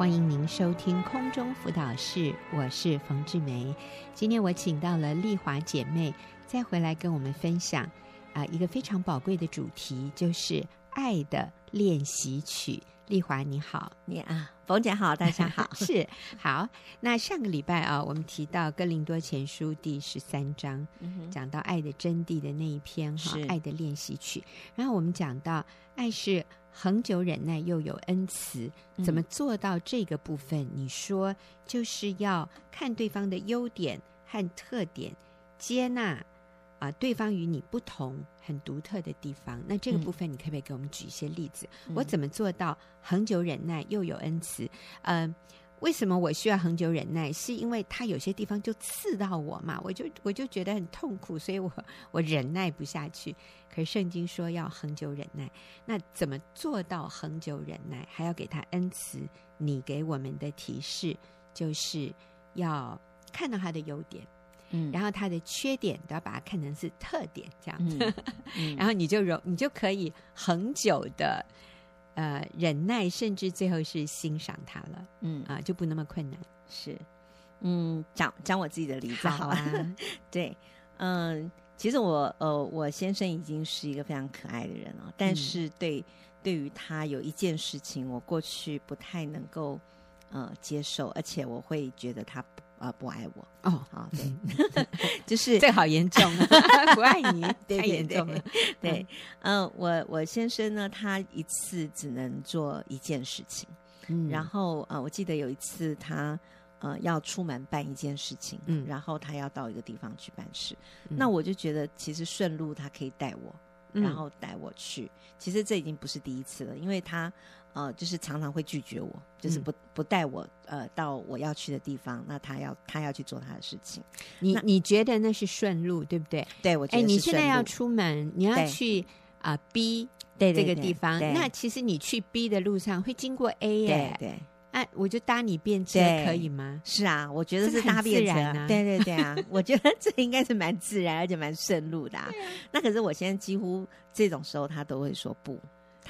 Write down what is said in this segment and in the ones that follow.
歡迎您收聽空中輔導室，我是馮志梅。今天我請到了麗華姐妹，再回來跟我們分享，啊、呃，一個非常寶貴的主題，就是愛的練習曲。麗華你好，你啊，馮姐好，大家好， 是好。那上個禮拜啊、哦，我們提到《哥林多前書》第十三章，嗯，講到愛的真諦的那一篇哈，哦，愛的練習曲。然後我們講到愛是恆久忍耐又有恩慈，嗯、怎麼做到這個部分？你說就是要看對方的優點和特點，接納。啊、呃，對方與你不同，很獨特的地方。那這個部分，你可不可以給我們舉一些例子？嗯、我怎麼做到恆久忍耐又有恩慈？嗯、呃，為什麼我需要恆久忍耐？是因為他有些地方就刺到我嘛，我就我就覺得很痛苦，所以我我忍耐不下去。可是聖經說要恆久忍耐，那怎麼做到恆久忍耐？還要給他恩慈。你給我們的提示就是要看到他的優點。嗯，然後他的缺點都要把它看成是特點，這樣子、嗯， 然後你就容你就可以恆久的，呃，忍耐，甚至最後是欣賞他了。嗯啊、呃，就不那麼困難。是，嗯，講講我自己的例子好啊。 對，嗯，其實我呃，我先生已經是一個非常可愛的人了，但是對、嗯、對於他有一件事情，我過去不太能夠呃接受，而且我會覺得他不。啊、呃，不愛我哦，好，對，就是這好嚴重，不愛你太嚴重了。對，嗯，我我先生呢，他一次只能做一件事情，嗯，然後啊、呃，我記得有一次他呃要出門辦一件事情，嗯，然後他要到一個地方去辦事，嗯、那我就覺得其實順路他可以帶我，然後帶我去、嗯，其實這已經不是第一次了，因為他。呃，就是常常會拒絕我，就是不、嗯、不帶我呃到我要去的地方。那他要他要去做他的事情。你你覺得那是順路對不對？對，我覺得、欸、是順路。哎，你現在要出門，你要去啊、呃、B 對，對，對，對這個地方對對對。那其實你去 B 的路上會經過 A，耶對，對對。哎、啊，我就搭你便車可以嗎？是啊，我覺得是搭便車。啊、對對對啊， 我覺得這應該是蠻自然而且蠻順路的、啊。 那可是我現在幾乎這種時候他都會說不。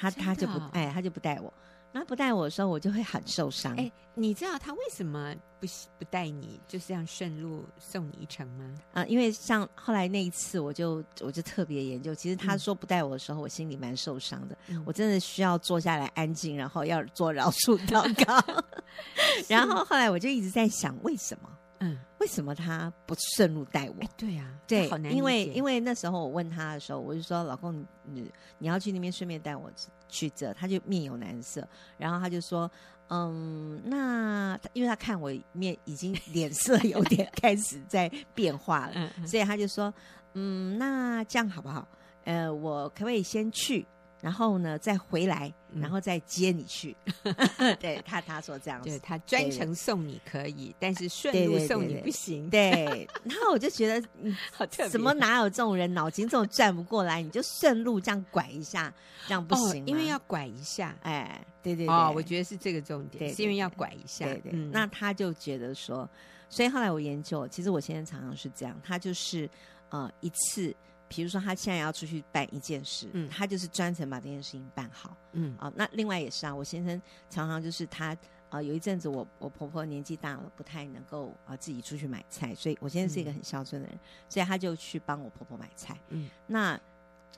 他他就不、哦、哎，他就不帶我。那不帶我的時候，我就會很受傷。哎、欸，你知道他為什麼不不帶你，就是這樣順路送你一程嗎？啊，因為像後來那一次我，我就我就特別研究。其實他說不帶我的時候，我心裡蠻受傷的、嗯。我真的需要坐下來安靜，然後要做饒恕禱告 道高。 然後後來我就一直在想，為什麼？嗯。為什麼他不順路帶我、欸？對啊，對，好難理解。因為因為那時候我問他的時候，我就說：“老公，你你要去那邊順便帶我去這。”他就面有難色，然後他就說：“嗯，那因為他看我面已經臉色有點開始在變化了， 所以他就說：‘嗯，那這樣好不好？呃，我可不可以先去？’”然後呢，再回來，嗯、然後再接你去。 對，他他說這樣子，對，他專程送你可以， 但是順路送你不行。 對，然後我就覺得，怎 麼哪有這種人腦筋這麼轉不過來？你就順路這樣拐一下，這樣不行、哦，因為要拐一下。哎、欸，對對對，哦，我覺得是這個重點， 對對對對，是因為要拐一下。 對對，對、嗯，那他就覺得說，所以後來我研究，其實我現在常常是這樣，他就是呃一次。比如說，他現在要出去辦一件事，嗯，他就是專程把這件事情辦好，嗯，啊、呃，那另外也是啊，我先生常常就是他啊、呃，有一陣子我我婆婆年紀大了，不太能夠啊、呃、自己出去買菜，所以我先生是一個很孝順的人、嗯，所以他就去幫我婆婆買菜，嗯，那、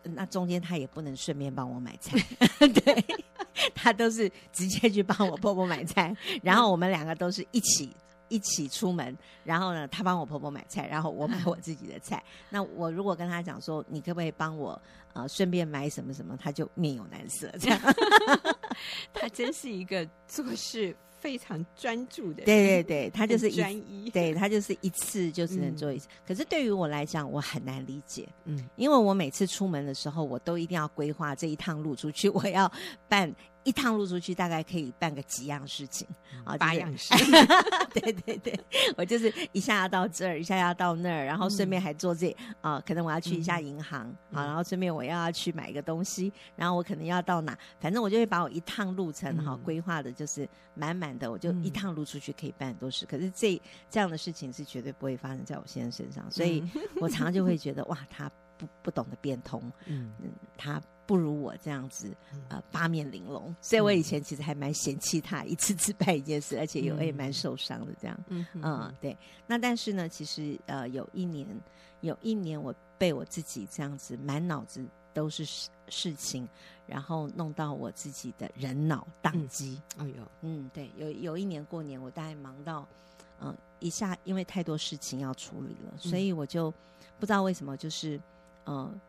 呃、那中間他也不能順便幫我買菜， 對他都是直接去幫我婆婆買菜， 然後我們兩個都是一起，一起出門，然後呢，他幫我婆婆買菜，然後我買我自己的菜。 那我如果跟他講說，你可不可以幫我呃順便買什麼什麼，他就面有難色。這樣， 他真是一個做事非常專注的人。對對對，他就是一專一。對他就是一次就只能做一次，嗯。可是對於我來講，我很難理解。嗯，因為我每次出門的時候，我都一定要規劃這一趟路出去，我要辦。一趟路出去大概可以辦個幾樣事情啊，八、就是、樣事。 對對對，我就是一下要到這兒，一下要到那兒，然後順便還做這、嗯、啊。可能我要去一下銀行、嗯啊、然後順便我要去買一個東西，然後我可能要到哪，反正我就會把我一趟路程哈規劃的，就是滿滿的。我就一趟路出去可以辦很多事、嗯，可是這這樣的事情是絕對不會發生在我先生身上，所以我常常就會覺得、嗯、哇，他不不懂得變通，嗯，嗯他。不如我這樣子，呃，八面玲瓏，嗯、所以我以前其實還蠻嫌棄他一次次辦一件事，嗯、而且我也蠻受傷的這樣，嗯嗯、呃，對。那但是呢，其實呃，有一年，有一年我被我自己這樣子滿腦子都是事事情，然後弄到我自己的人腦當機。哎、嗯哦、呦，嗯，對，有有一年過年，我大概忙到，嗯、呃，一下因為太多事情要處理了，嗯、所以我就不知道為什麼就是，嗯、呃。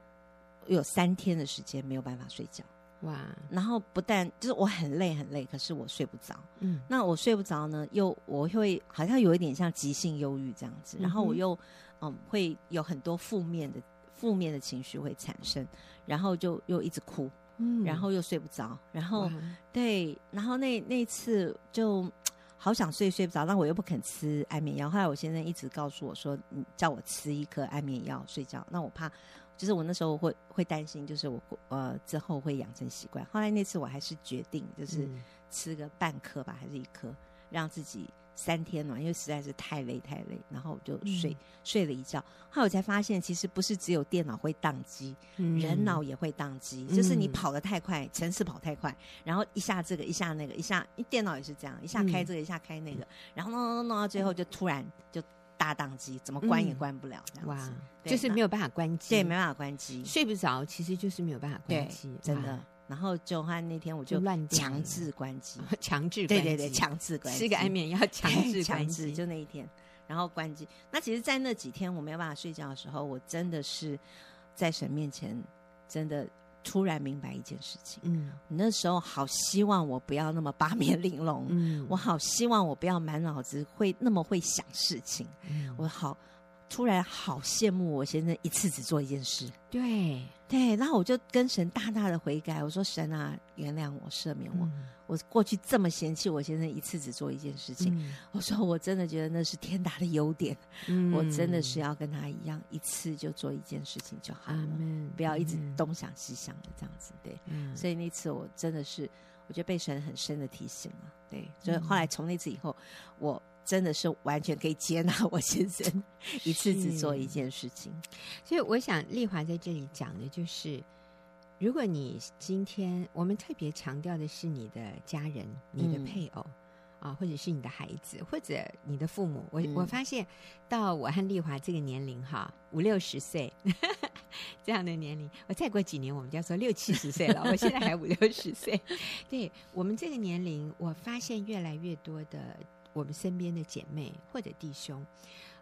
有三天的時間沒有辦法睡覺，哇、wow！然後不但就是我很累很累，可是我睡不着。嗯，那我睡不着呢，又我會好像有一點像急性憂鬱這樣子，然後我又嗯,嗯會有很多負面的負面的情緒會產生，然後就又一直哭，嗯，然後又睡不着，然後、wow、對，然後那那次就好想睡睡不着，但我又不肯吃安眠藥。後來我先生一直告訴我說，你叫我吃一顆安眠藥睡覺，那我怕。就是我那時候會會擔心，就是我呃之後會養成習慣。後來那次我還是決定，就是吃個半顆吧、嗯，還是一顆，讓自己三天嘛，因為實在是太累太累，然後我就睡、嗯、睡了一覺。後來我才發現，其實不是只有電腦會當機、嗯，人腦也會當機。就是你跑得太快，程式跑太快、嗯，然後一下這個，一下那個，一下一電腦也是這樣，一下開這個，一下開那個、嗯，然後弄弄弄到最後就突然就。嗯大當機怎麼關也關不了這這樣子、嗯、就是沒有辦法關機，對，沒辦法關機，睡不着其實就是沒有辦法關機，真的。然後就話那天我就亂強制關機，強制關機，對對對，強制關機，吃個安眠藥，強制強制就那一天，然後關機。那其實，在那幾天我沒有辦法睡覺的時候，我真的是在神面前真的。突然明白一件事情，嗯，你那時候好希望我不要那麼八面玲瓏，嗯，我好希望我不要滿腦子會那麼會想事情，嗯，我好。突然好羨慕我先生一次只做一件事，對。對對，然後我就跟神大大的悔改，我說神啊，原諒我，赦免我，嗯、我過去這麼嫌棄我先生一次只做一件事情，嗯、我說我真的覺得那是天大的優點，嗯、我真的是要跟他一樣，一次就做一件事情就好了，嗯，不要一直東想西想的這樣子。對，嗯、所以那次我真的是，我覺得被神很深的提醒了。對，所以後來從那次以後，我。真的是完全可以接納我先生 一次只做一件事情，所以我想麗華在這裡講的就是，如果你今天我們特別強調的是你的家人、你的配偶、嗯、啊，或者是你的孩子，或者你的父母，我、嗯、我發現到我和麗華這個年齡哈，五六十歲 這樣的年齡，我再過幾年我們就要說六七十歲了， 我現在還五六十歲。對，我們這個年齡，我發現越來越多的。我們身邊的姐妹或者弟兄，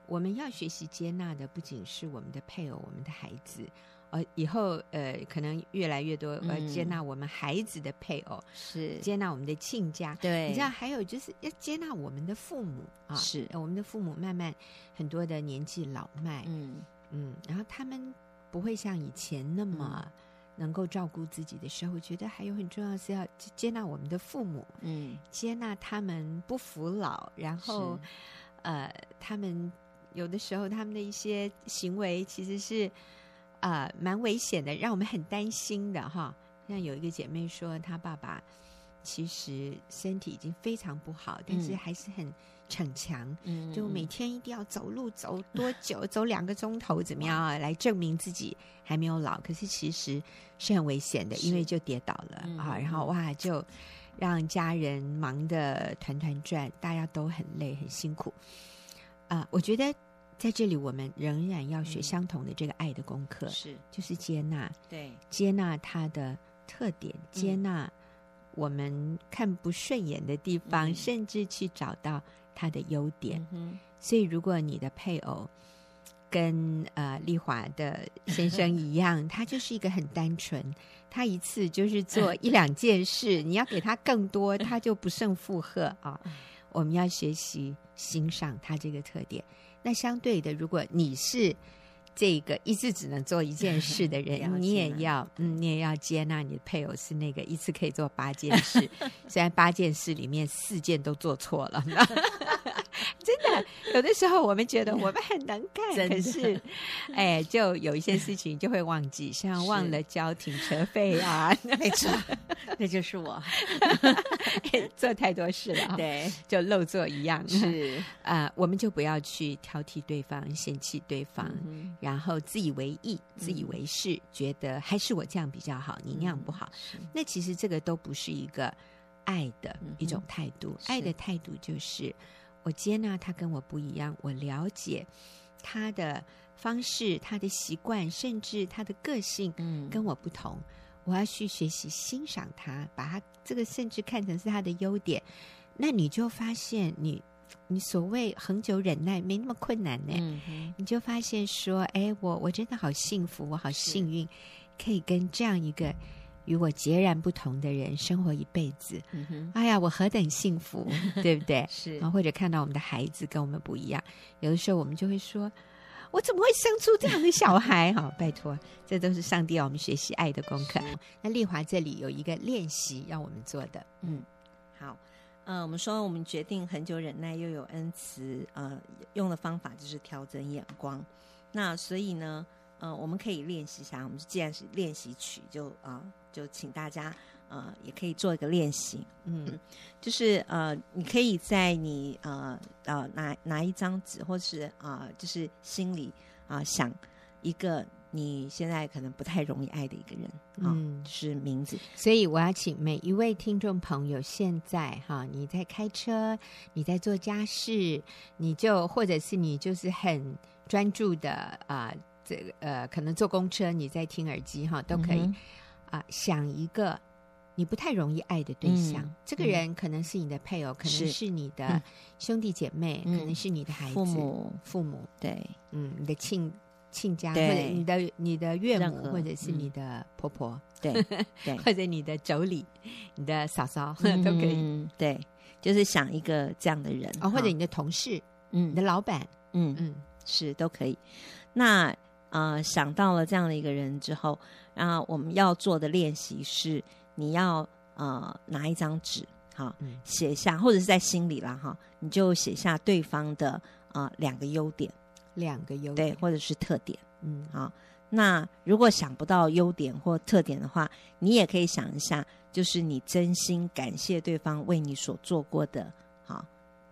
我們要學習接納的不僅是我們的配偶、我們的孩子，呃，以後呃可能越來越多、嗯、接納我們孩子的配偶，是接納我們的親家，對，你知道還有就是要接納我們的父母啊，是、呃、我們的父母慢慢很多的年紀老邁，嗯嗯，然後他們不會像以前那麼。嗯能夠照顧自己的時候，我覺得還有很重要是要接納我們的父母，嗯，接納他們不服老，然後，呃，他們有的時候他們的一些行為其實是，呃，蠻危險的，讓我們很擔心的哈。像有一個姐妹說，她爸爸其實身體已經非常不好，但是還是很。嗯逞強，就每天一定要走路走多久，嗯、走兩個鐘頭怎麼樣、啊、來證明自己還沒有老？可是其實是很危險的，因為就跌倒了、嗯、啊！然後哇，就讓家人忙得團團轉，大家都很累很辛苦啊、呃！我覺得在這裡，我們仍然要學相同的這個愛的功課，嗯、是就是接納，對，接納他的特點，嗯、接納我們看不順眼的地方，嗯、甚至去找到。他的優點、嗯，所以如果你的配偶跟呃麗華的先生一樣，他就是一個很單純，他一次就是做一兩件事、嗯，你要給他更多，他就不勝負荷啊、哦嗯。我們要學習欣賞他這個特點。那相對的，如果你是，這個一次只能做一件事的人，嗯，你也要，嗯，你也要接納你的配偶是那個一次可以做八件事， 雖然八件事裡面四件都做錯了。 真的、啊，有的時候我們覺得我們很能幹， 可是，哎、欸，就有一些事情就會忘記， 像忘了交停車費啊，沒錯， 那就是我、 欸，做太多事了，對，就漏做一樣是啊、呃，我們就不要去挑剔對方、嫌棄對方，嗯、然後自以為意、自以為是，嗯、覺得還是我這樣比較好，嗯、你那樣不好，那其實這個都不是一個愛的一種態度、嗯，愛的態度就是。我接納他跟我不一樣，我了解他的方式、他的習慣，甚至他的個性跟我不同。嗯，我要去學習欣賞他，把他這個甚至看成是他的優點。那你就發現你，你你所謂恆久忍耐沒那麼困難呢？嗯。你就發現說，哎，我我真的好幸福，我好幸運，可以跟這樣一個，與我截然不同的人生活一輩子，嗯、哎呀，我何等幸福，對不對？ 是，或者看到我們的孩子跟我們不一樣，有的時候我們就會說，我怎麼會生出這樣的小孩？好、 哦，拜托，這都是上帝要我們學習愛的功課。那麗華這裡有一個練習要我們做的，嗯，好，呃，我們說我們決定很久忍耐又有恩慈，呃，用的方法就是調整眼光。那所以呢，呃，我們可以練習一下，我們既然是練習曲就，就、呃、啊。就請大家，呃，也可以做一個練習，嗯，就是呃，你可以在你呃呃拿拿一張紙，或是啊、呃，就是心裡啊、呃、想一個你現在可能不太容易愛的一個人就、呃嗯、是名字。所以我要請每一位聽眾朋友，現在哈，你在開車，你在做家事，你就或者是你就是很專注的啊，這、呃、個呃，可能坐公車你在聽耳機哈，都可以。嗯啊、呃，想一個你不太容易愛的對象，嗯、這個人可能是你的配偶，嗯、可能是你的兄弟姐妹，可能是你的孩子、嗯，父母、父母，對，嗯，你的親親家，對或者你的你的岳母，或者是你的婆婆，嗯、對，對 或者你的妯娌、你的嫂嫂、嗯、 都可以、嗯，對，就是想一個這樣的人，哦啊、或者你的同事，嗯，你的老板，嗯嗯，是都可以。那。呃，想到了這樣的一個人之後，然後我們要做的練習是，你要啊、呃、拿一張紙，好，嗯、寫下或者是在心裡啦，哈，你就寫下對方的啊、呃、兩個優點，兩個優點，對，或者是特點，嗯，好，那如果想不到優點或特點的話，你也可以想一下，就是你真心感謝對方為你所做過的，好，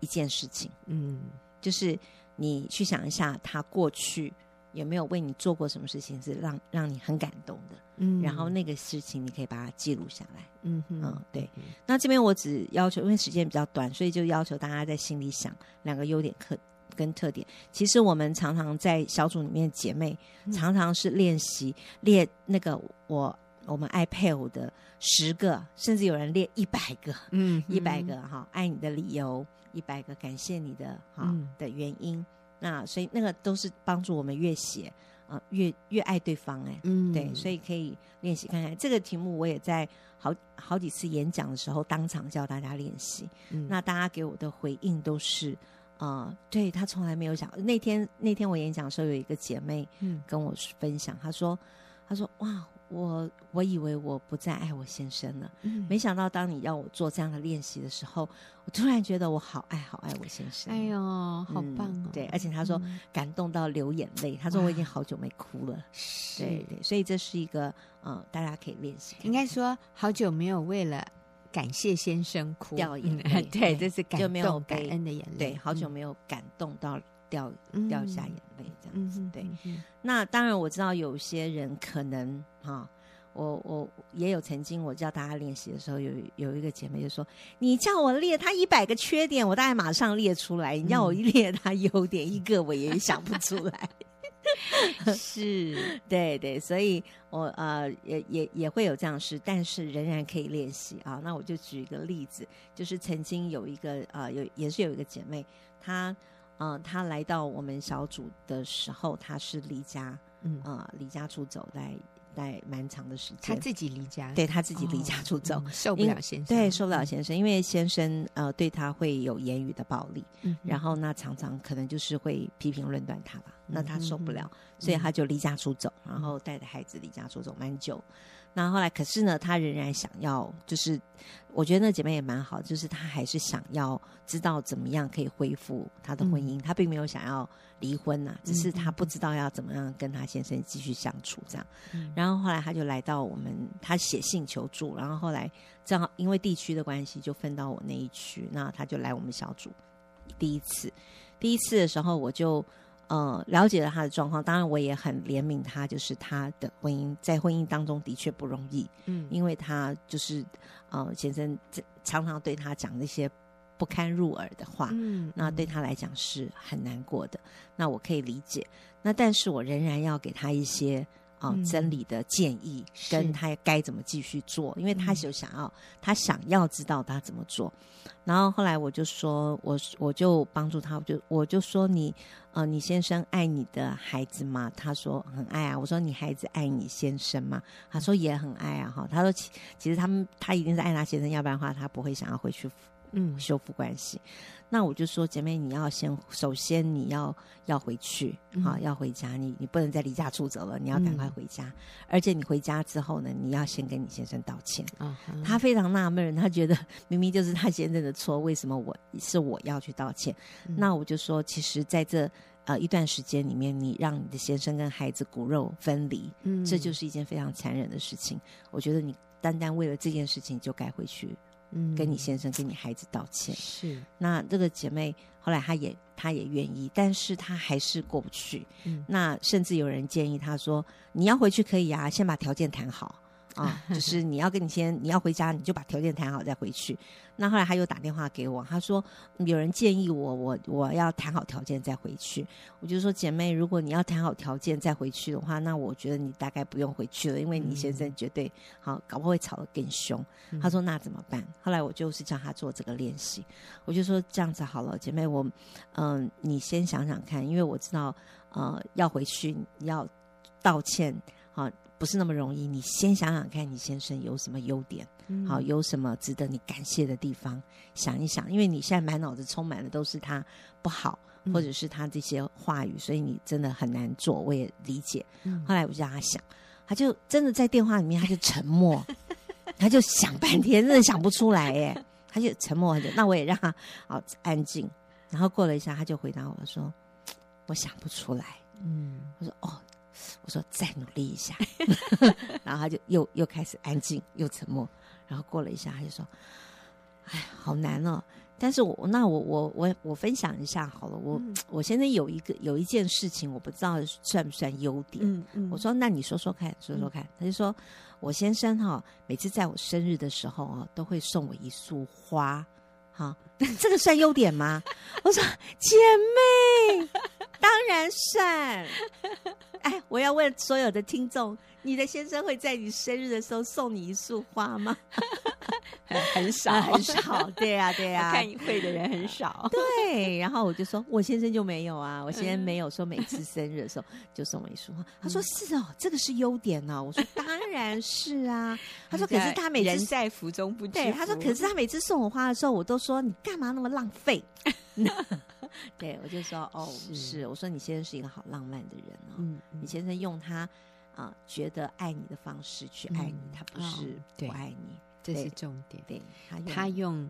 一件事情，嗯，就是你去想一下他過去。有沒有為你做過什麼事情是讓讓你很感動的？嗯，然後那個事情你可以把它記錄下來。嗯嗯，對。那這邊我只要求，因為時間比較短，所以就要求大家在心裡想兩個優點特跟特點。其實我們常常在小組裡面姐妹、嗯、常常是練習列那個我我們愛配偶的十個，甚至有人列一百個。嗯，一百個哈，愛你的理由一百個，感謝你的哈、嗯、的原因。那所以那個都是幫助我們越寫，啊、呃，越越愛對方哎、欸，嗯，對，所以可以練習看看這個題目，我也在好好幾次演講的時候當場教大家練習，嗯，那大家給我的回應都是，啊、呃，對他從來沒有講。那天那天我演講的時候有一個姐妹，嗯，跟我分享、嗯，她說，她說哇。我我以為我不再愛我先生了，嗯、沒想到當你要我做這樣的練習的時候，我突然覺得我好愛好愛我先生。哎呦，好棒哦、嗯！對，而且他說感動到流眼淚、嗯，他說我已經好久沒哭了。是，對對，所以這是一個嗯、呃，大家可以練習。應該說好久沒有為了感謝先生哭掉眼淚，嗯、 對，這是感動感恩的眼淚。對，好久沒有感動到掉、嗯、掉下眼淚這樣子。對、嗯，那當然我知道有些人可能。哈、哦，我我也有曾經我教大家練習的時候有，有有一個姐妹就說：“你叫我列他一百個缺點，我大概馬上列出來；嗯、你叫我列他優點，一個我也想不出來。 ”是， 對對，所以我呃也也也會有這樣事，但是仍然可以練習啊。那我就舉一個例子，就是曾經有一個呃有也是有一個姐妹，她嗯、呃，她來到我們小組的時候，她是離家嗯啊、呃，離家出走來。待蠻長的時間，他自己離家，對他自己離家出走、哦嗯，受不了先生，對受不了先生，因為先生呃對他會有言語的暴力、嗯，然後那常常可能就是會批評論斷他吧、嗯，那他受不了，嗯、所以他就離家出走、嗯，然後帶着孩子離家出走，蠻久。那後，後來，可是呢，她仍然想要，就是我覺得那姐妹也蠻好的，就是她還是想要知道怎麼樣可以恢復她的婚姻，她、嗯、並沒有想要離婚吶、啊，只是她不知道要怎麼樣跟她先生繼續相處這樣。嗯、然後後來，她就來到我們，她寫信求助，然後後來正好因為地區的關係就分到我那一區，那她就來我們小組。第一次，第一次的時候我就。呃，了解了他的狀況，當然我也很憐憫他，就是他的婚姻在婚姻當中的確不容易，嗯，因為他就是呃，先生這常常對他講那些不堪入耳的話，嗯，那對他來講是很難過的，那我可以理解，那但是我仍然要給他一些。啊、哦，真理的建議、嗯、跟他該怎麼繼續做，因為他就想要，他想要知道他怎麼做。嗯、然後後來我就說，我我就幫助他，我就我就說你，呃，你先生愛你的孩子嗎？他說很愛啊。我說你孩子愛你先生嗎？嗯、他說也很愛啊。哈，他說其其實他們他一定是愛他先生，要不然的話他不會想要回去。嗯，修復關係。那我就說，姐妹，你要先，首先你要要回去、嗯、啊，要回家。你你不能再離家出走了，你要趕快回家、嗯。而且你回家之後呢，你要先跟你先生道歉啊。Oh, okay. 他非常納悶，他覺得明明就是他先生的錯，為什麼我是我要去道歉、嗯？那我就說，其實在這呃一段時間裡面，你讓你的先生跟孩子骨肉分離，嗯，這就是一件非常殘忍的事情、嗯。我覺得你單單為了這件事情就該回去。嗯，跟你先生、嗯、跟你孩子道歉是。那這個姐妹後來她也她也願意，但是她還是過不去。嗯，那甚至有人建議她說：“你要回去可以啊，先把條件談好。” 啊，就是你要跟你先，你要回家，你就把條件談好再回去。那後來他又打電話給我，他說有人建議我，我我要談好條件再回去。我就說，姐妹，如果你要談好條件再回去的話，那我覺得你大概不用回去了，因為你先生絕對、嗯、好搞不好會吵得更凶、嗯。他說那怎麼辦？後來我就是叫他做這個練習，我就說這樣子好了，姐妹，我嗯、呃，你先想想看，因為我知道呃要回去要道歉好。啊不是那麼容易，你先想想看你先生有什麼優點，嗯、好，有什麼值得你感謝的地方，想一想，因為你現在滿腦子充滿的都是他不好、嗯，或者是他這些話語，所以你真的很難做。我也理解。嗯、後來我就讓他想，他就真的在電話裡面他就沉默， 他就想半天，真的想不出來哎 他就沉默很久。那我也讓他好安靜，然後過了一下，他就回答我說：“我想不出來。”嗯，我說：“哦。”我說，再努力一下 然後他就又又開始安靜又沉默，然後過了一下他就說，哎，好難哦，但是我那我我我我分享一下好了，我、嗯、我現在有一個有一件事情我不知道算不算優點，嗯嗯、我說，那你說說看，說說看，嗯、他就說，我先生哈、哦，每次在我生日的時候啊、哦，都會送我一束花。啊、哦，這個算優點嗎？我說，姐妹，當然算。哎，我要問所有的聽眾，你的先生會在你生日的時候送你一束花嗎？ 很少， 很少，對啊對啊。看會的人很少。對，然後我就說，我先生就沒有啊，我先生沒有 說每次生日的時候就送我一束花，嗯。他說是哦，喔，這個是優點哦，喔。我說當然是啊。他說可是他每次人在福中不知福。對，他說可是他每次送我花的時候，我都說你幹嘛那麼浪費？ 對，我就說哦，喔，是，我說你先生是一個好浪漫的人哦，喔，嗯。你先生用他啊，呃，覺得愛你的方式去愛你，嗯，他不是不愛你。哦這是重點。對，對他，他用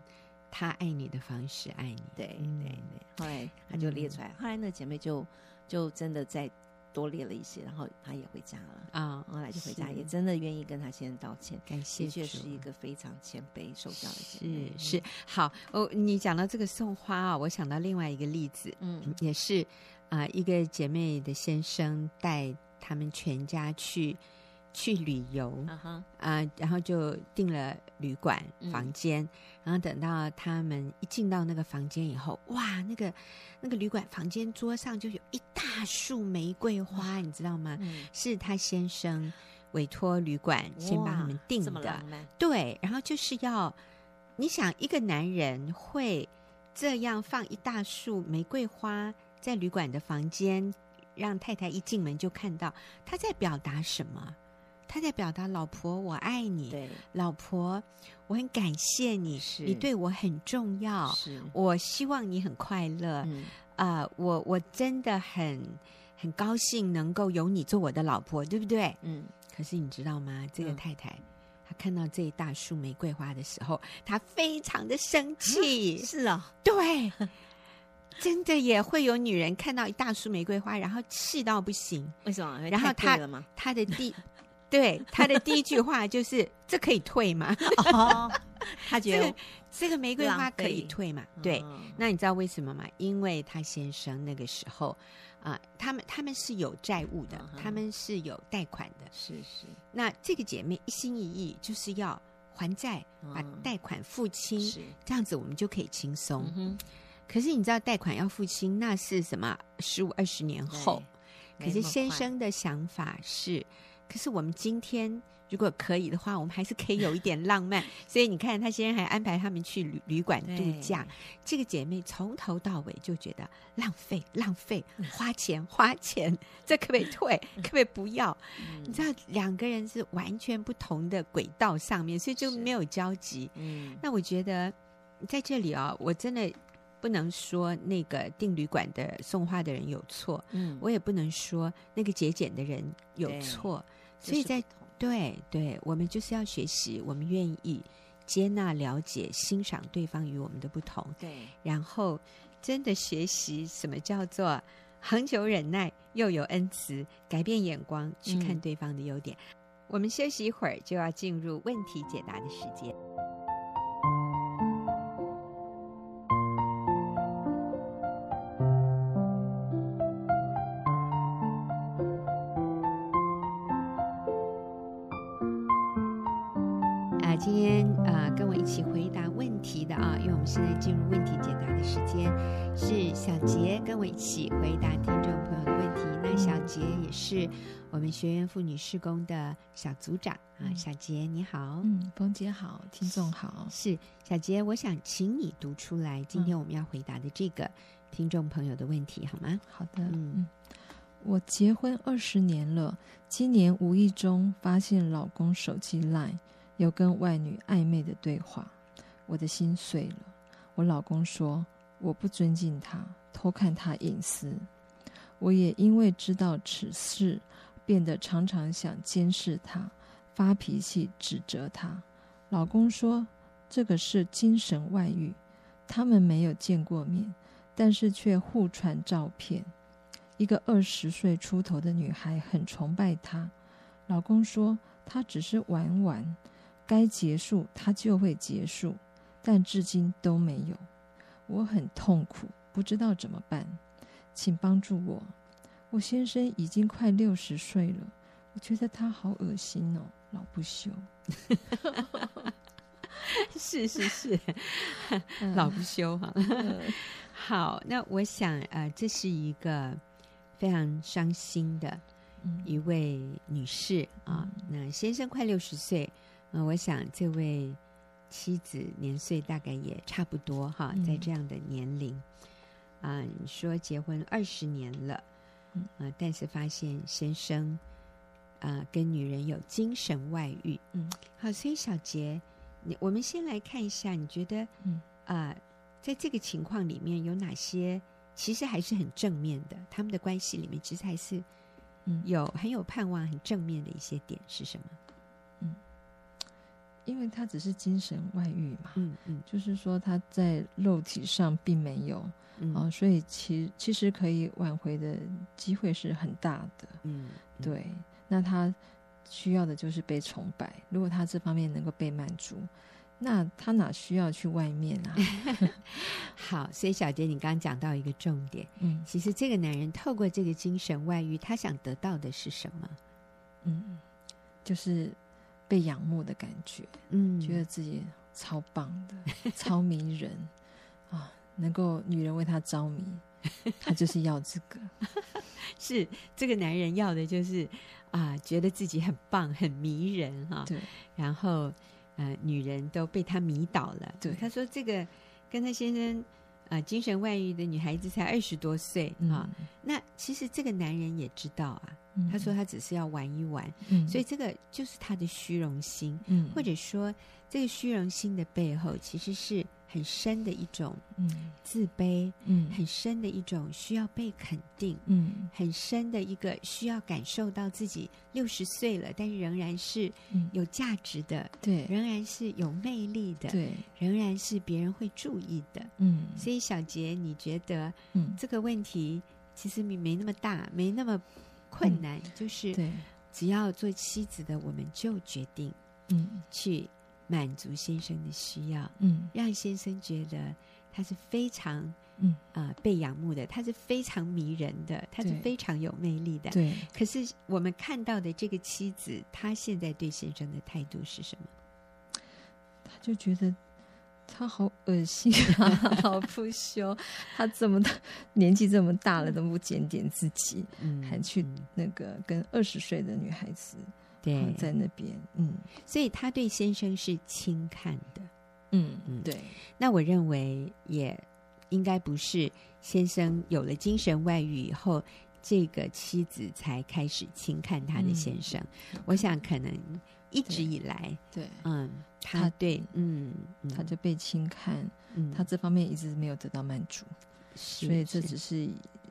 他愛你的方式愛你。對、嗯、對對，對，後來他就列出來、嗯，後來那姐妹就就真的再多列了一些，然後他也回家了啊，哦、後來就回家，也真的願意跟他先生道歉。感謝，確實是一個非常謙卑、受教的姐妹是、嗯、是，好哦。你講到這個送花啊、哦，我想到另外一個例子，嗯，也是啊、呃，一個姐妹的先生帶他們全家去。去旅遊，啊、uh -huh. 呃、然後就訂了旅館房間、嗯，然後等到他們一進到那個房間以後，哇，那個那個旅館房間桌上就有一大束玫瑰花，你知道嗎？嗯、是他先生委托旅館先把他們訂的，對，然後就是要你想一個男人會這樣放一大束玫瑰花在旅館的房間，讓太太一進門就看到，他在表達什麼？他在表達“老婆，我愛你。”對，“老婆，我很感謝你，是，你對我很重要。”是，“我希望你很快樂。”嗯，“啊、呃，我我真的很很高興能夠有你做我的老婆，對不對？”嗯。可是你知道嗎？這個太太、嗯、她看到這一大束玫瑰花的時候，她非常的生氣、嗯。是啊、哦，對， 真的也會有女人看到一大束玫瑰花，然後氣到不行。為什麼？然後她她的弟。 對，他的第一句話就是“ 這可以退嗎？”他覺得這個玫瑰花可以退嘛？對、嗯，那你知道為什麼嗎？因為他先生那個時候啊、呃，他們他們是有債務的，他們是有貸、嗯、款的，是是。那這個姐妹一心一意就是要還債、就是嗯，把貸款付清是，這樣子我們就可以輕鬆、嗯。可是你知道貸款要付清，那是什麼？十五二十年後。可是先生的想法是，可是我們今天如果可以的話，我們還是可以有一點浪漫。 所以你看，他先生還安排他們去旅旅館度假。這個姐妹從頭到尾就覺得浪費、浪費、花錢、花錢，這可不可以退？ 可不可以不要、嗯？你知道，兩個人是完全不同的軌道上面，所以就沒有交集。嗯，那我覺得在這裡啊、哦，我真的不能說那個訂旅館的送花的人有錯，嗯，我也不能說那個節儉的人有錯。就是、所以在對，對，我們就是要學習，我們願意接納、了解、欣賞對方與我們的不同，對，然後真的學習什麼叫做恆久忍耐，又有恩慈，改變眼光去看對方的優點。嗯、我們休息一會兒，就要進入問題解答的時間。是我們學員婦女事工的小組長啊，小潔你好，嗯，馮姐好，聽眾好，是，是小潔，我想請你讀出來今天我們要回答的這個聽眾朋友的問題，嗯、好嗎？好的，嗯，我結婚二十年了，今年無意中發現老公手機 LINE，有跟外女曖昧的對話，我的心碎了。我老公說我不尊敬他，偷看他隱私。我也因為知道此事，變得常常想監視他，發脾氣、指責他。老公說，這個是精神外遇，他們沒有見過面，但是卻互傳照片。一個二十歲出頭的女孩很崇拜他。老公說，他只是玩玩，該結束他就會結束，但至今都沒有。我很痛苦，不知道怎麼辦。請幫助我，我先生已經快六十歲了，我覺得他好噁心哦，老不修，是 是 是，是是 老不修哈、啊。 好，那我想，呃，這是一個非常傷心的一位女士、嗯、啊。那先生快六十歲、呃，我想這位妻子年歲大概也差不多哈，在這樣的年齡。嗯啊、呃，你說結婚二十年了，嗯、呃，但是發現先生啊、呃、跟女人有精神外遇，嗯，好，所以小潔，你我們先來看一下，你覺得，啊、呃，在這個情況裡面有哪些其實還是很正面的？他們的關係裡面其實還是嗯有很有盼望、很正面的一些點是什麼？因為他只是精神外遇嘛，嗯嗯，就是說他在肉體上並沒有，嗯哦、所以其其實可以挽回的機會是很大的，嗯，對嗯。那他需要的就是被崇拜，如果他這方面能夠被滿足，那他哪需要去外面啊？ 好，所以小潔，你剛剛講到一個重點，嗯，其實這個男人透過這個精神外遇，他想得到的是什麼？嗯，就是。被仰慕的感覺，嗯，覺得自己超棒的，超迷人 啊，能夠女人為他着迷，他就是要這個， 是這個男人要的就是啊、呃，覺得自己很棒、很迷人哈、哦，對，然後呃，女人都被他迷倒了，對，他說這個跟他先生。啊，精神外遇的女孩子才二十多歲。嗯，啊，那其實這個男人也知道啊，嗯，他說他只是要玩一玩，嗯，所以這個就是他的虛榮心，嗯，或者說這個虛榮心的背後其實是。很深的一種自卑，嗯，嗯，很深的一種需要被肯定，嗯，很深的一個需要感受到自己六十歲了，但是仍然是有價值的，嗯，對，仍然是有魅力的，對，仍然是別人會注意的，嗯。所以小潔，你覺得這個問題其實沒沒那麼大，嗯，沒那麼困難，嗯，就是只要做妻子的，我們就決定，嗯，去。滿足先生的需要，嗯，讓先生覺得他是非常，嗯啊、呃，被仰慕的、嗯，他是非常迷人的，他是非常有魅力的。對。可是我們看到的這個妻子，她現在對先生的態度是什麼？他就覺得他好噁心啊， 老不羞，他這麼大年紀這麼大了都不檢點自己、嗯，還去那個跟二十歲的女孩子。嗯嗯對，在那邊，嗯，所以他對先生是輕看的，嗯嗯，對。那我認為也應該不是先生有了精神外遇以後，這個妻子才開始輕看他的先生。嗯、我想可能一直以來，對，對嗯，他，他對，嗯，他就被輕看、嗯，他這方面一直沒有得到滿足，是是所以這只是，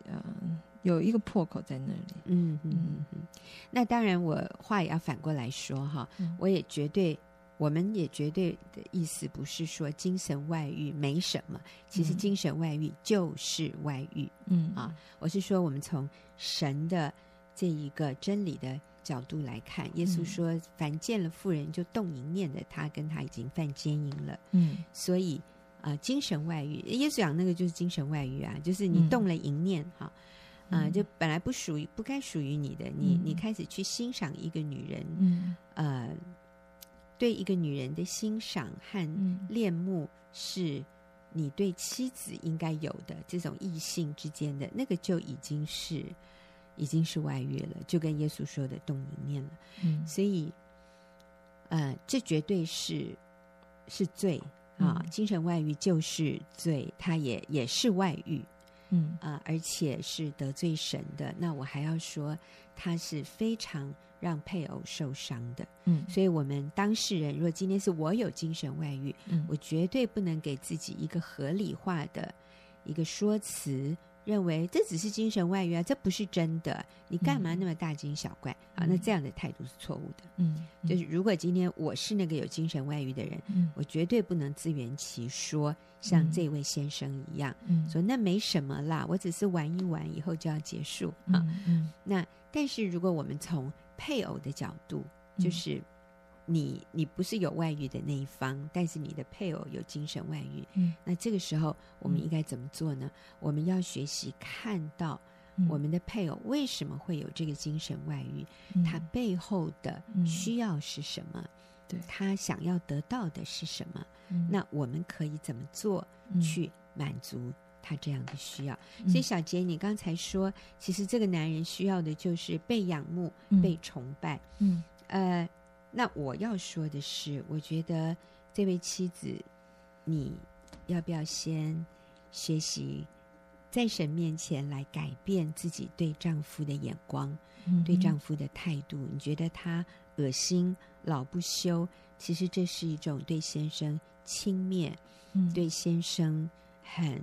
嗯、呃。有一個破口在那裡。嗯嗯嗯嗯，那當然，我話也要反過來說哈、嗯。我也絕對，我們也絕對的意思不是說精神外遇沒什麼，嗯、其實精神外遇就是外遇。嗯啊，我是說，我們從神的這一個真理的角度來看，嗯、耶穌說，凡見了婦人就動一念的，他跟他已經犯奸淫了。嗯，所以啊、呃，精神外遇，耶穌講那個就是精神外遇啊，就是你動了淫念哈。嗯啊嗯、啊，就本來不屬於、不該屬於你的，你你開始去欣賞一個女人，嗯，呃，對一個女人的欣賞和戀慕，是你對妻子應該有的、嗯、這種異性之間的那個就已經是已經是外遇了，就跟耶穌說的動淫念了，嗯，所以，呃，這絕對是是罪啊、嗯，精神外遇就是罪，它也也是外遇。嗯啊，呃，而且是得罪神的，那我還要說，他是非常讓配偶受傷的。嗯，所以我們當事人，如果今天是我有精神外遇，嗯，我絕對不能給自己一個合理化的一個說辭。認為這只是精神外遇啊，這不是真的，你幹嘛那麼大驚小怪啊？嗯，那這樣的態度是錯誤的。嗯，就是如果今天我是那個有精神外遇的人，嗯，我絕對不能自圓其說，像這位先生一樣，嗯，說那沒什麼啦，我只是玩一玩，以後就要結束。嗯，啊，嗯，嗯，那但是如果我們從配偶的角度，就是。你你不是有外遇的那一方，但是你的配偶有精神外遇，嗯，那這個時候我們應該怎麼做呢？嗯、我們要學習看到我們的配偶為什麼會有這個精神外遇，嗯、他背後的需要是什麼？對、嗯、他想要得到的是什麼，是什麼、嗯？那我們可以怎麼做去滿足他這樣的需要？嗯、所以小潔，你剛才說，其實這個男人需要的就是被仰慕、嗯、被崇拜，嗯，呃。那我要說的是，我覺得這位妻子，你要不要先學習在神面前來改變自己對丈夫的眼光，嗯嗯，對丈夫的態度？你覺得他惡心、老不羞，其實這是一種對先生輕蔑，嗯、對先生很。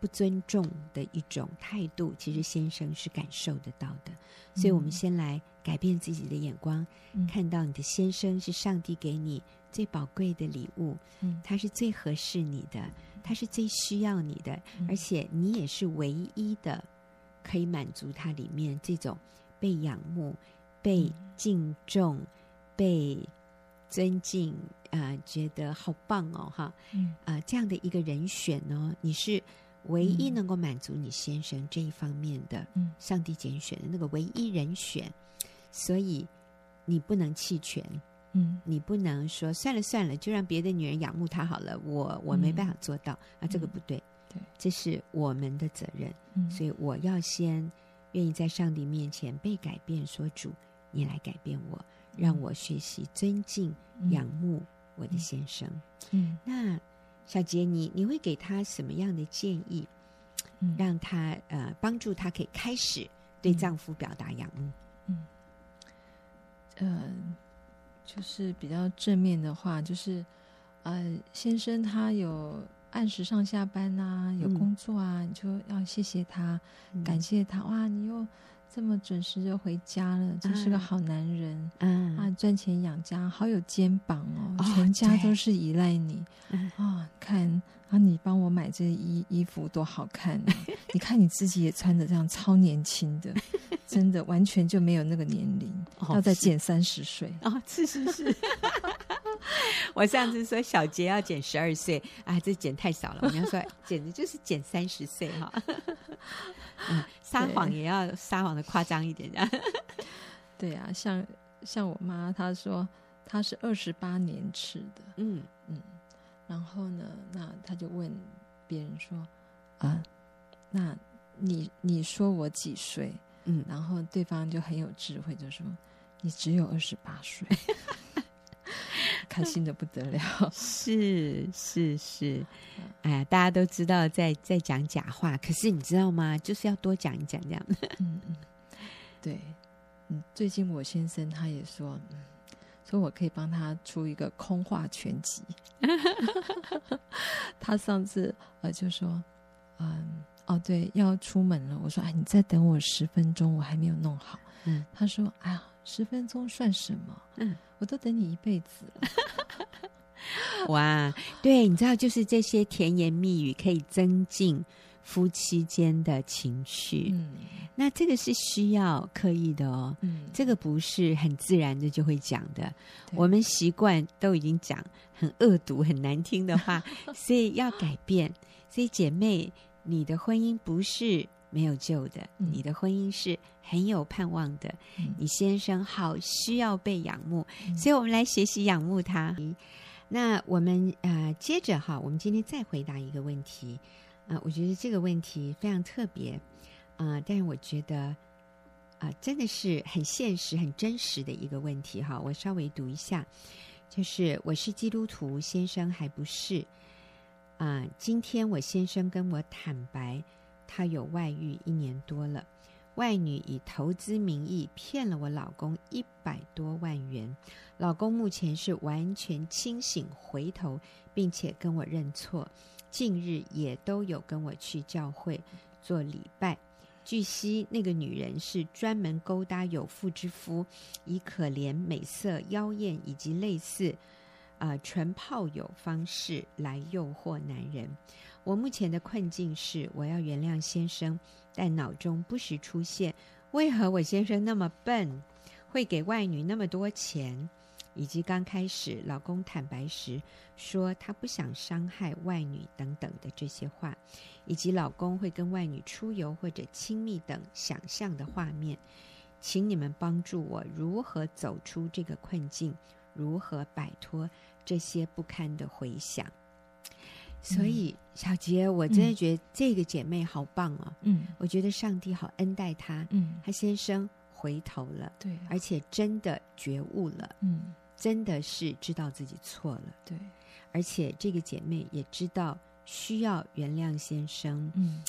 不尊重的一種態度，其實先生是感受得到的。嗯、所以，我們先來改變自己的眼光、嗯，看到你的先生是上帝給你最寶貴的禮物，嗯、他是最合適你的，嗯、他是最需要你的、嗯，而且你也是唯一的可以滿足他裡面這種被仰慕、嗯、被敬重、被尊敬啊、呃，覺得好棒哦！哈，啊、嗯呃，這樣的一個人選呢、哦，你是。唯一能夠滿足你先生這一方面的，上帝揀選的那個唯一人選，所以你不能棄權。嗯，你不能說算了算了，就讓別的女人仰慕他好了。我我沒辦法做到啊，這個不對。對，這是我們的責任。所以我要先願意在上帝面前被改變，說主，你來改變我，讓我學習尊敬、仰慕我的先生。嗯，那。小潔，你你會給他什麼樣的建議？嗯、讓他呃幫助他可以開始對丈夫表達仰慕？嗯，嗯、呃，就是比較正面的話，就是呃，先生他有按時上下班吶、啊，有工作啊、嗯，你就要謝謝他、嗯，感謝他。哇，你又。這麼準時就回家了，真是個好男人，嗯。啊，賺錢養家，好有肩膀哦。哦，全家都是依賴你。啊、哦哦，看，啊，你幫我買這衣衣服多好看。 你看你自己也穿的這樣，超年輕的， 真的完全就沒有那個年齡，哦，要再減三十歲。啊、哦，是是是。是 我上次說小傑要減十二歲，哎、啊，這減太少了。我們要說，簡 直就是減三十歲哈、哦。 嗯，對 撒謊也要撒謊的誇張一點這樣。 對啊，像像我媽，她說她是二十八年次的。嗯嗯。然後呢，那她就問別人說，嗯、啊，那你你說我幾歲？嗯，然後對方就很有智慧，就說你只有二十八歲。 開心的不得了。 是，是是是，哎、呃，大家都知道在在講假話，可是你知道嗎？就是要多講一講講、嗯。嗯，對，嗯，最近我先生他也說，嗯、說我可以幫他出一個空話全集。 他上次呃就說，嗯，哦對，要出門了，我說哎，你再等我十分鐘，我還沒有弄好。嗯，他說，哎呀。十分鐘算什麼？嗯，我都等你一輩子了。哇，對，你知道，就是這些甜言蜜語可以增進夫妻間的情趣。嗯，那這個是需要刻意的哦，嗯。這個不是很自然的就會講的。我們習慣都已經講很惡毒、很難聽的話，所以要改變。所以，姐妹，你的婚姻不是。沒有救的，你的婚姻是很有盼望的。嗯、你先生好需要被仰慕、嗯，所以我們來學習仰慕他。嗯、那我們啊、呃，接着哈，我們今天再回答一個問題啊、呃。我覺得這個問題非常特別啊、呃，但是我覺得啊、呃，真的是很現實、很真實的一個問題哈。我稍微讀一下，就是我是基督徒，先生還不是啊、呃。今天我先生跟我坦白。他有外遇一年多了，外女以投資名義騙了我老公一百多萬元。老公目前是完全清醒回頭，並且跟我認錯，近日也都有跟我去教會做禮拜。據悉，那個女人是專門勾搭有婦之夫，以可憐美色、妖豔以及類似。啊、呃，純炮友方式來誘惑男人。我目前的困境是，我要原諒先生，但腦中不時出現為何我先生那麼笨，會給外女那麼多錢，以及剛開始老公坦白時說他不想傷害外女等等的這些話，以及老公會跟外女出遊或者親密等想象的畫面。請你們幫助我如何走出這個困境，如何擺脫。這些不堪的回想，所以、嗯、小潔，我真的覺得這個姐妹好棒啊、哦！嗯，我覺得上帝好恩待她。嗯，她先生回頭了，對，而且真的覺悟了，嗯，真的是知道自己錯了，對，而且這個姐妹也知道需要原諒先生，嗯，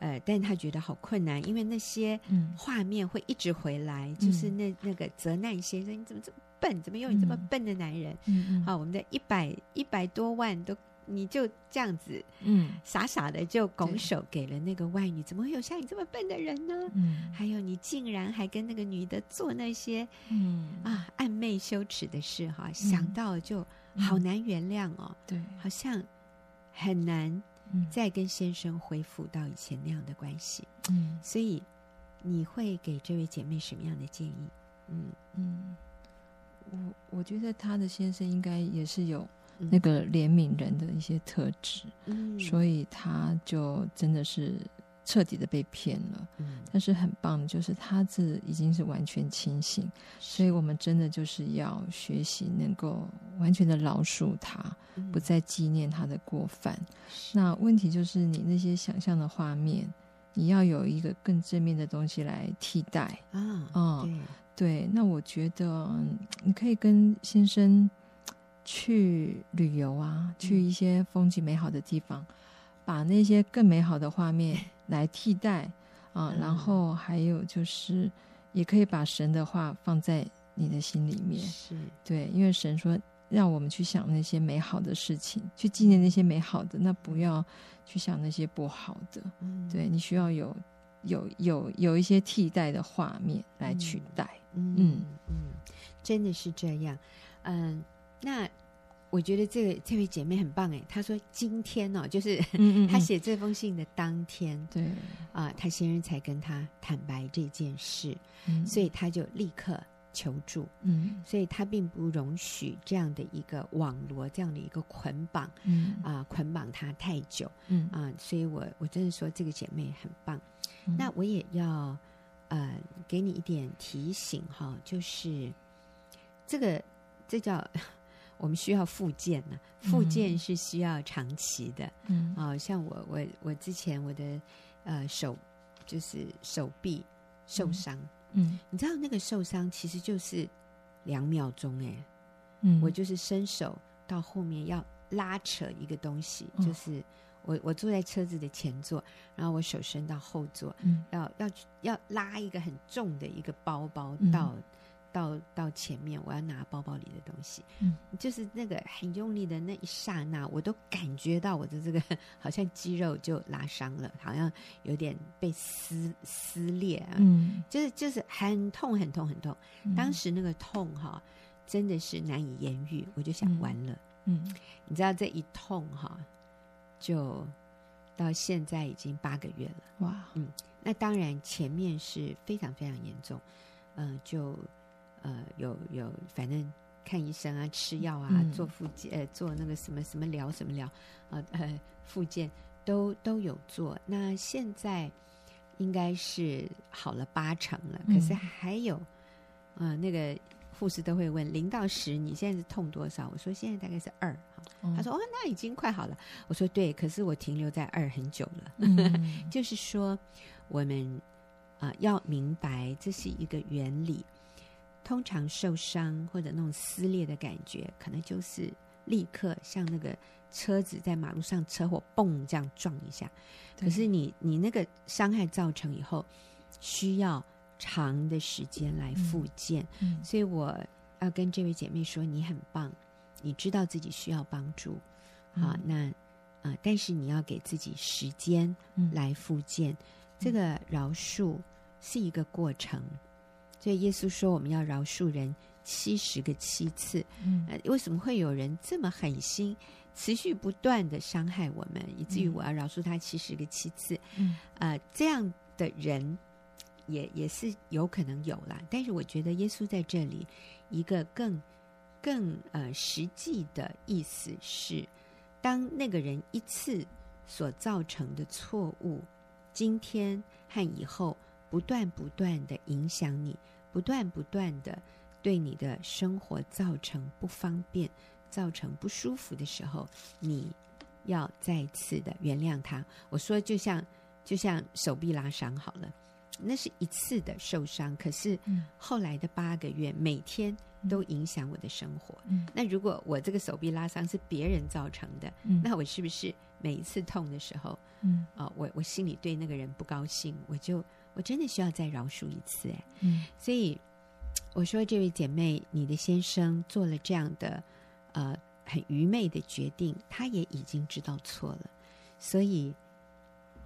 呃，但她覺得好困難，因為那些畫面會一直回來，嗯、就是那那個責難先生，你怎麼怎麼。笨，怎麼有你這麼笨的男人？嗯，好、嗯啊，我們的一百一百多萬都，你就這樣子，嗯，傻傻的就拱手給了那個外女，怎麼會有像你這麼笨的人呢？嗯，還有你竟然還跟那個女的做那些，嗯啊，曖昧羞恥的事哈、啊嗯，想到就好難原諒哦。對、嗯，好像很難再跟先生恢復到以前那樣的關係。嗯，所以你會給這位姐妹什麼樣的建議？嗯嗯。我，我覺得他的先生應該也是有那個憐憫人的一些特質，嗯、所以他就真的是徹底的被騙了。嗯、但是很棒的就是他自己已經是完全清醒，所以我們真的就是要學習能夠完全的饒恕他，嗯、不再紀念他的過犯。那問題就是你那些想象的畫面，你要有一個更正面的東西來替代嗯。啊！嗯對，那我覺得你可以跟先生去旅遊啊、嗯，去一些風景美好的地方，把那些更美好的畫面來替代、嗯、啊。然後還有就是，也可以把神的話放在你的心裡面。是對，因為神說讓我們去想那些美好的事情，去紀念那些美好的，那不要去想那些不好的。嗯、對，你需要有有有有一些替代的畫面來取代。嗯嗯嗯，嗯真的是這樣。嗯，那我覺得這個這位姐妹很棒哎，欸。她說今天哦，喔，就是嗯嗯嗯她寫這封信的當天，對、嗯、啊、嗯呃，她先生才跟她坦白這件事，嗯，所以她就立刻求助。嗯，所以她並不容許這樣的一個網羅這樣的一個捆綁。嗯啊、呃，捆綁她太久。嗯啊、呃，所以我我真的說這個姐妹很棒。嗯、那我也要。呃，給你一點提醒哈，就是這個，這叫我們需要復健呢、啊。復健是需要長期的，嗯，啊、呃，像我，我，我之前我的呃手就是手臂受傷、嗯，嗯，你知道那個受傷其實就是兩秒鐘，哎，嗯，我就是伸手到後面要拉扯一個東西，就是。我我坐在車子的前座，然後我手伸到後座，嗯、要要要拉一個很重的一個包包到、嗯、到到前面，我要拿包包裡的東西。嗯，就是那個很用力的那一剎那，我都感覺到我的這個好像肌肉就拉傷了，好像有點被撕撕裂啊。嗯，就是就是很痛很痛很痛、嗯。當時那個痛哈、啊，真的是難以言喻。我就想完了，嗯，嗯你知道這一痛哈、啊。就到現在已經八個月了，哇、wow.，嗯，那當然前面是非常非常嚴重，嗯、呃，就呃有有，反正看醫生啊，吃藥啊，嗯、做復健，呃，做那個什麼什麼療什麼療，呃呃，復健都都有做。那現在應該是好了八成了，可是還有，嗯，呃、那個護士都會問零到十，-10 你現在是痛多少？我說現在大概是二。他說：“哦，那已經快好了。”我說：“對，可是我停留在二很久了。”嗯 就是說，我們啊、呃、要明白這是一個原理。通常受傷或者那種撕裂的感覺，可能就是立刻像那個車子在馬路上車禍“嘣”這樣撞一下。可是你你那個傷害造成以後，需要長的時間來復健。嗯嗯、所以我要跟這位姐妹說，你很棒。你知道自己需要幫助，好、嗯啊，那啊、呃，但是你要給自己時間來復健、嗯。這個饒恕是一個過程、嗯，所以耶穌說我們要饒恕人七十個七次。嗯，呃、為什麼會有人這麼狠心，持續不斷地傷害我們，以至於我要饒恕他七十個七次？嗯，啊、呃，這樣的人也也是有可能有了，但是我覺得耶穌在這裡一個更。更呃實際的意思是，當那個人一次所造成的錯誤，今天和以後不斷不斷的影響你，不斷不斷的對你的生活造成不方便、造成不舒服的時候，你要再次的原諒他。我說就像就像手臂拉傷好了，那是一次的受傷，可是後來的八個月、嗯、每天。都影響我的生活、嗯。那如果我這個手臂拉傷是別人造成的、嗯，那我是不是每一次痛的時候，啊、嗯呃，我我心裡對那個人不高興，我就我真的需要再饒恕一次、欸。哎、嗯，所以我說，這位姐妹，你的先生做了這樣的呃很愚昧的決定，他也已經知道錯了。所以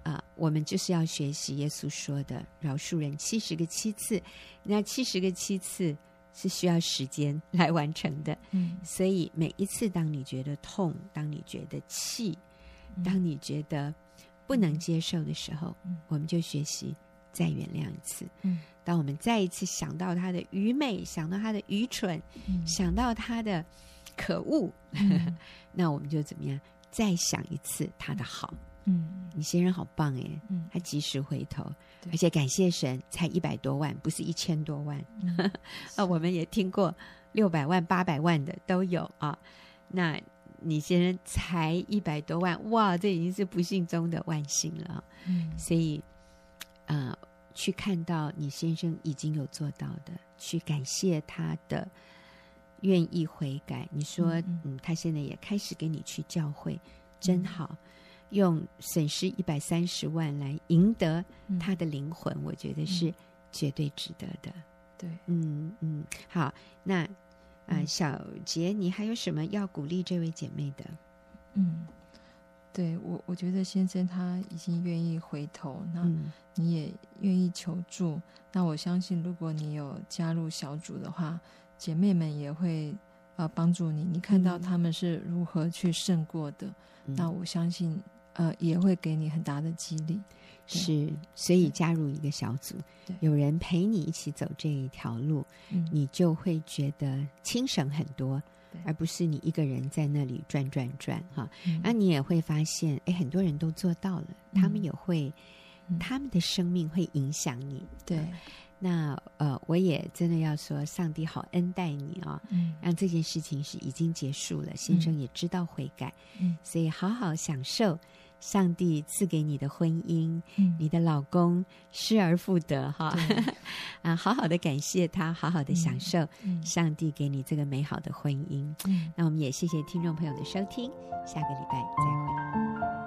啊、呃，我們就是要學習耶穌說的，饒恕人七十個七次。那七十個七次，是需要時間來完成的，嗯，所以每一次當你覺得痛，當你覺得氣，當你覺得不能接受的時候，嗯，我們就學習再原諒一次，嗯，當我們再一次想到他的愚昧，想到他的愚蠢，嗯，想到他的可惡，嗯， 那我們就怎麼樣？再想一次他的好。嗯嗯，你先生好棒哎！嗯，他及時回頭，而且感謝神，才一百多萬，不是一千多萬。啊、嗯 呃，我們也聽過六百萬、八百萬的都有啊。那你先生才一百多萬，哇，這已經是不幸中的萬幸了。嗯，所以啊、呃，去看到你先生已經有做到的，去感謝他的願意悔改。你說，嗯，嗯，嗯，他現在也開始跟你去教會，真好。嗯用損失一百三十萬來贏得他的靈魂，嗯，我覺得是絕對值得的。嗯、對，嗯嗯，好，那、嗯、啊，小潔，你還有什麼要鼓勵這位姐妹的？嗯，對我，我覺得先生他已經願意回頭，那你也願意求助，嗯、那我相信，如果你有加入小組的話，姐妹們也會啊、呃、幫助你。你看到他們是如何去勝過的，嗯、那我相信。呃，也會給你很大的激勵，是，所以加入一個小組，對對，有人陪你一起走這一條路，你就會覺得輕省很多，嗯，而不是你一個人在那裡轉轉轉哈。那、啊嗯啊、你也會發現，哎，很多人都做到了，嗯，他們也會、嗯，他們的生命會影響你。對，啊、那呃，我也真的要說，上帝好恩待你啊、哦，嗯，讓、啊、這件事情是已經結束了，嗯，先生也知道悔改，嗯，嗯所以好好享受上帝賜給你的婚姻，嗯、你的老公失而復得哈，啊，好好的感謝他，好好的享受上帝給你這個美好的婚姻。嗯嗯、那我們也謝謝聽眾朋友的收聽，下個禮拜再會。